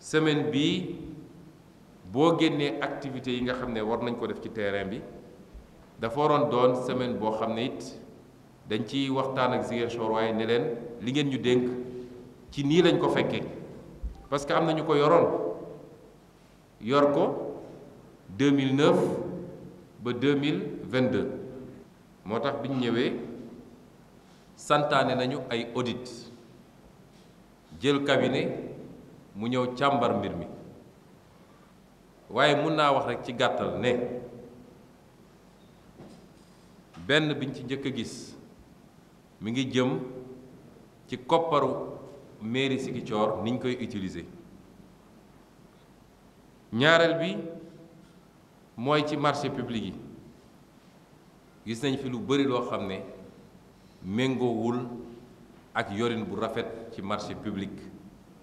semaine bii boo génnee activités yi nga xam ne war nañ ko def ci terrain bi dafa waroon doon semaine boo xam ne it dañ ci waxtaan ak Ziguinchor waaye ne leen li ngeen ñu dénk ci nii lañ ko fekkee parce que am na ñu ko yoroon yor ko mille 2009 ba mille vingt 2022 moo tax bi ñu ñëwee santaane nañu ay audit jël cabinet. mu ñëw càmbar mbir mi waaye mun naa wax rekk ci gàttal ne benn biñ ci njëkk a gis mi ngi jëm ci kopparu mairie Ziguinchor niñ koy utiliser ñaareel bi mooy ci marché public yi gis nañ fi lu bari loo xam ne méngoowul ak yorin bu rafet ci marché public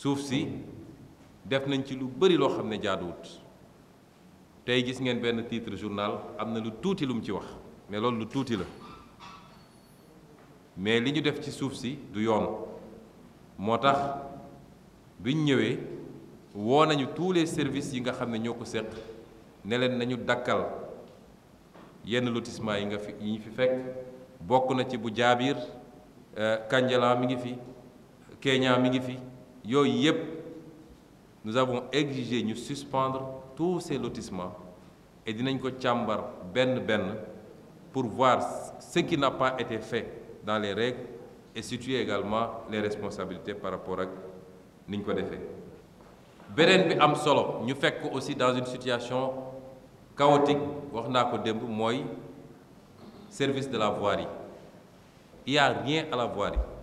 suuf si def nañ ci lu bari loo xam ne jaaduwut tey gis ngeen benn titre journal am na lu tuuti lu mu ci wax mais loolu lu tuuti la mais li ñu def ci suuf si du yoon moo biñ ñëwee woo nañu tous les services yi nga xam ne ñoo ko seq ne leen nañu dakkal yenn lotissement yi nga fi yi ñu fi fekk bokk na ci bu euh, kanjala mi ngi fi Kenya mi ngi fi nous avons exigé de suspendre tous ces lotissements et de ko Ben pour voir ce qui n'a pas été fait dans les règles et situer également les responsabilités par rapport à ce qui a été fait bi am solo ñu aussi dans une situation chaotique waxna ko service de la voirie il n'y a rien à la voirie.